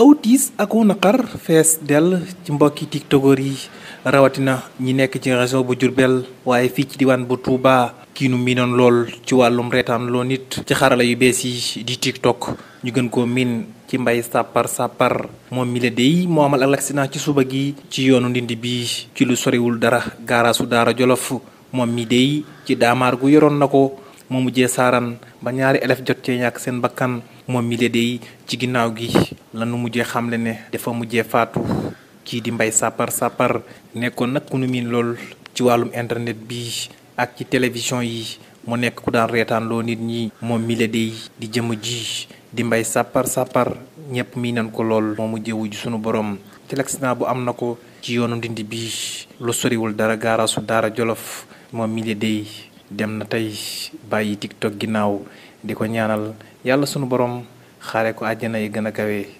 aw diis ak naqar fees del ci mbokki tiktokor yi rawatina ñi nekk ci région bu jurbel waaye fii ci diwaan bu ki nu minon lool ci wàllum reetaan loo nit ci xarala yu bees yi di tiktok ñu gën koo min ci mbay sàppar sàppar moom mi la dey moo amal ak l'accident ci suba gi ci yoonu ndindi bi ci lu soriwul dara gaaraasu daara jolof moom mi dey ci daamaar gu yoroon na ko moo mujjee saran ba ñaari elef jot ci ñak seen bakkan mo mi dey ci ginnaaw gi lanu mujjee xamle ne dafa mujjee faatu ki di mbay sapar sapar nekkoon nak ku nu miin lool ci walum internet bi ak ci télévision yi mu nekk ku daan reetaan loo nit ñi moom mi di jëm ji di mbay sapar sapar ñëpp mi nan ko lool moo mujjee wuju sunu borom ci l'accident bu am na ko ci yoonu dindi bi lu soriwul dara su dara jolof moom mi dey dem na tey bàyyi tiktok ginnaaw di ko ñaanal yàlla sunu borom xaare ko àjjana yi gën a kawe